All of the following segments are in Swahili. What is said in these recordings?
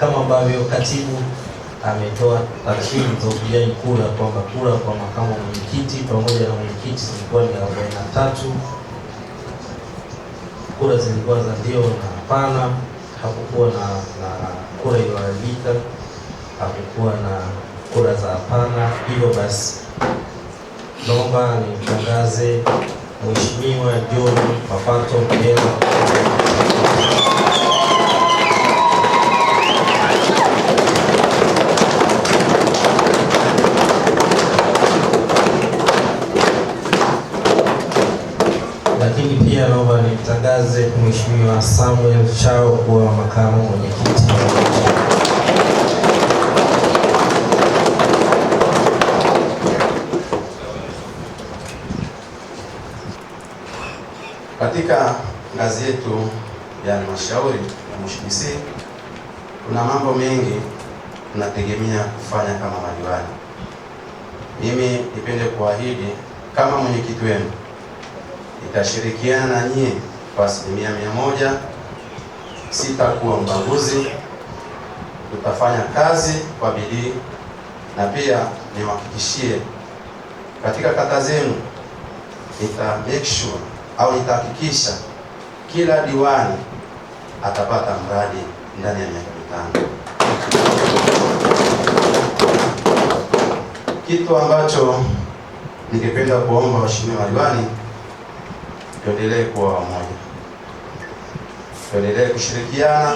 kama ambavyo katibu ametoa takwimu za upigaji kura kwamba kura kwa makamu mwenyekiti pamoja na mwenyekiti zilikuwa ni arobaini na tatu. Kura zilikuwa za ndio na hapana, hakukuwa na, na kura iliyoharibika, hakukuwa na kura za hapana. Hivyo basi, naomba nimtangaze Mheshimiwa John Mapato Mgela pia naomba nimtangaze Mheshimiwa Samuel Chao kuwa makamu mwenyekiti. Katika ngazi yetu ya halmashauri ya Moshi DC kuna mambo mengi tunategemea kufanya kama madiwani. Mimi nipende kuahidi kama mwenyekiti wenu nitashirikiana nyie kwa asilimia mia moja, sitakuwa mbaguzi. Tutafanya kazi kwa bidii, na pia niwahakikishie katika kata zenu nita make sure au nitahakikisha kila diwani atapata mradi ndani ya miaka mitano, kitu ambacho ningependa kuomba waheshimiwa madiwani tuendelee kuwa wamoja, tuendelee kushirikiana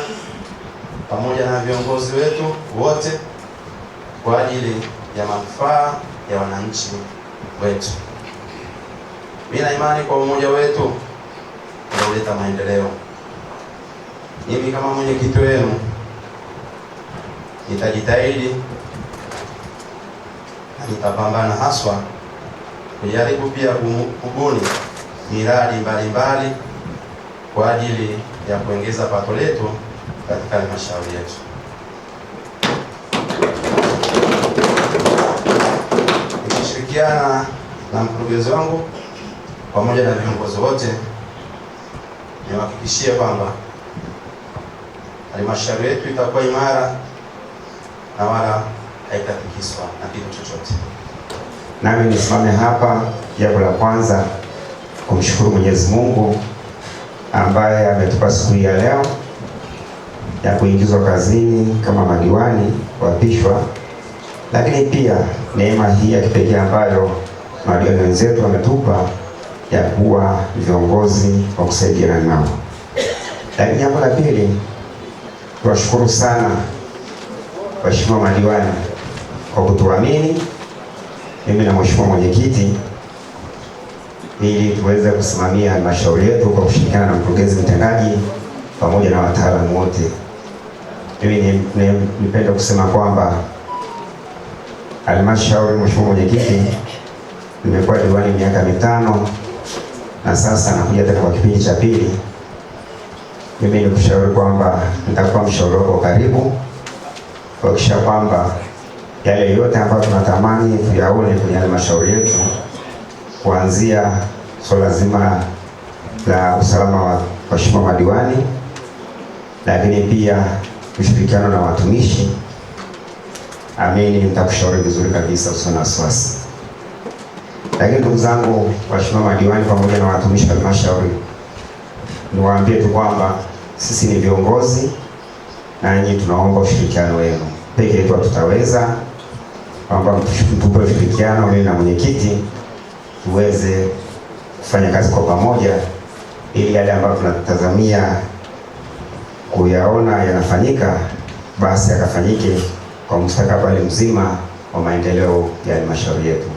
pamoja na viongozi wetu wote kwa ajili ya manufaa ya wananchi wetu. Mina imani kwa umoja wetu unaoleta maendeleo. Mimi kama mwenyekiti wenu nitajitahidi na nitapambana haswa kujaribu pia kubuni miradi mbalimbali kwa ajili ya kuongeza pato letu katika halmashauri yetu. Nikishirikiana na mkurugenzi wangu pamoja na viongozi wote, niwahakikishie kwamba halmashauri yetu itakuwa imara na wala haitatikiswa na kitu chochote. Nami nisimame hapa, jambo la kwanza kumshukuru Mwenyezi Mungu ambaye ametupa siku hii ya leo ya kuingizwa kazini kama madiwani kuapishwa, lakini pia neema hii ya kipekee ambayo madiwani wenzetu wametupa ya kuwa viongozi wa kusaidiana nao. Lakini jambo la pili, tuwashukuru sana waheshimiwa madiwani kwa kutuamini mimi na mheshimiwa mwenyekiti ili tuweze kusimamia halmashauri yetu kwa kushirikiana na mkurugenzi mtendaji pamoja na wataalamu wote. Mimi nipende kusema kwamba halmashauri, mheshimiwa mwenyekiti, nimekuwa diwani miaka mitano na sasa nakuja tena kwa kipindi cha pili. Mimi nikushauri kwamba nitakuwa mshauri wako karibu kuhakikisha kwamba yale yote ambayo tunatamani tuyaone kwenye halmashauri yetu kuanzia swala so zima la usalama wa waheshimiwa madiwani, lakini pia ushirikiano na watumishi. Amini, nitakushauri vizuri kabisa, usio na wasiwasi. Lakini ndugu zangu waheshimiwa madiwani pamoja na watumishi wa halmashauri, niwaambie tu kwamba sisi ni viongozi nanyi tunaomba ushirikiano wenu, peke yetu tutaweza kwamba mtupe ushirikiano mimi na mwenyekiti tuweze kufanya kazi kwa pamoja ili yale ambayo tunatazamia kuyaona yanafanyika basi yakafanyike kwa mustakabali mzima wa maendeleo ya halmashauri yetu.